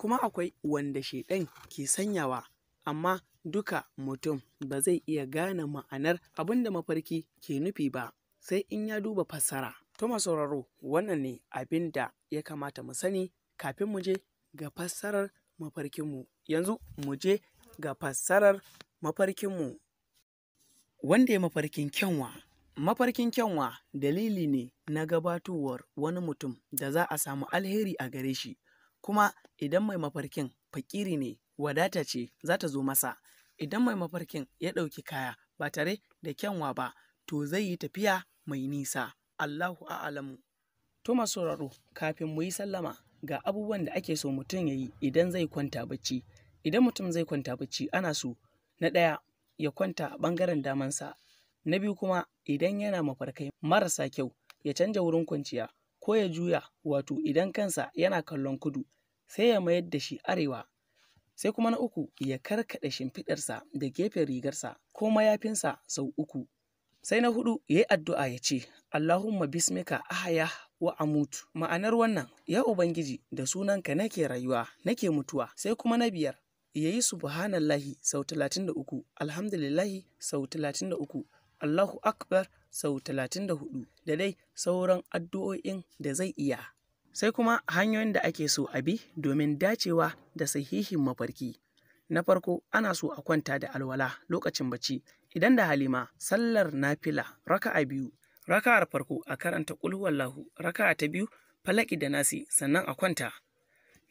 kuma akwai wanda shaiɗan ke sanyawa amma duka mutum ba zai iya gane ma'anar abin da mafarki ke nufi ba sai in ya duba fassara. Tuma sauraro wannan ne abin da ya kamata mu sani kafin mu je ga fassarar mafarkinmu. Yanzu mu je ga fassarar mafarkinmu. Wanda ya mafarkin kyanwa. Mafarkin kyanwa dalili ne na gabatowar wani mutum da za a samu alheri a gare shi. kuma idan mai mafarkin fakiri ne wadata ce za ta zo masa idan mai mafarkin ya ɗauki kaya ba tare da kyanwa ba to zai yi tafiya mai nisa allahu a'alamu to masu kafin mu yi sallama ga abubuwan da ake so mutum ya yi idan zai kwanta bacci idan mutum zai kwanta bacci ana so na ɗaya ya kwanta a ɓangaren damansa na biyu kuma idan yana mafarkai marasa kyau ya canja wurin kwanciya ko ya juya wato idan kansa yana kallon kudu sai ya mayar da shi arewa. Sai kuma na uku ya karkaɗa shimfiɗarsa da gefen rigarsa ko mayafinsa sau uku. Sai na hudu ya yi addu'a ya ce, Allahumma bismika ahaya wa amutu. Ma'anar wannan, ya Ubangiji da sunanka nake rayuwa, nake mutuwa. Sai kuma na biyar, ya yi subhanallahi sau talatin da uku, alhamdulillahi sau talatin da uku. Allahu Akbar sau 34 da dai sauran addu'o'in da zai iya. Sai kuma hanyoyin da ake so a bi domin dacewa da sahihin mafarki. Na farko ana so a kwanta da alwala lokacin bacci idan da halima sallar nafila raka'a biyu raka'ar farko a karanta ƙulhuwallahu raka'a ta biyu falaki da nasi sannan a kwanta.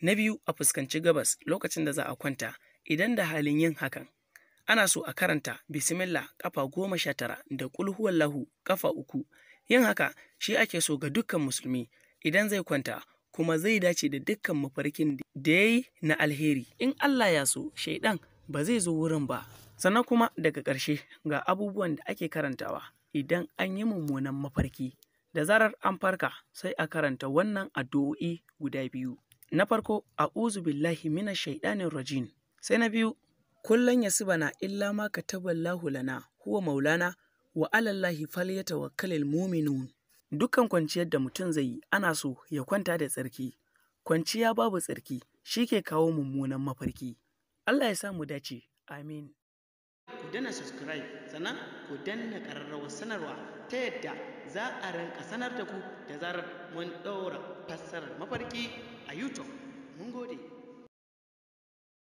Na biyu a fuskanci gabas lokacin da za a kwanta idan da halin yin hakan ana so a karanta bismillah kafa goma sha tara da lahu kafa uku yin haka shi ake so ga dukkan musulmi idan zai kwanta kuma zai dace da dukkan mafarkin da ya yi na alheri in Allah ya so shaidan ba zai zo wurin ba sannan kuma daga ƙarshe ga abubuwan da ake karantawa idan an yi mummunan mafarki da zarar an farka sai a karanta wannan addu'o'i guda biyu na farko a'uzu billahi minash shaitanir rajim sai na biyu Kullum ya siba na illa ma kataballahu lana huwa maulana wa alallahi falyatawakkalul mu'minun dukkan kwanciyar da mutum zai yi ana so ya kwanta da tsarki kwanciya babu tsarki shi ke kawo mummunan mafarki Allah ya sa mu dace amin ku dana subscribe sannan ku danna ƙararrawar sanarwa ta yadda za a rinka sanar da ku da zarar mun ɗaura fassarar mafarki a youtube mun gode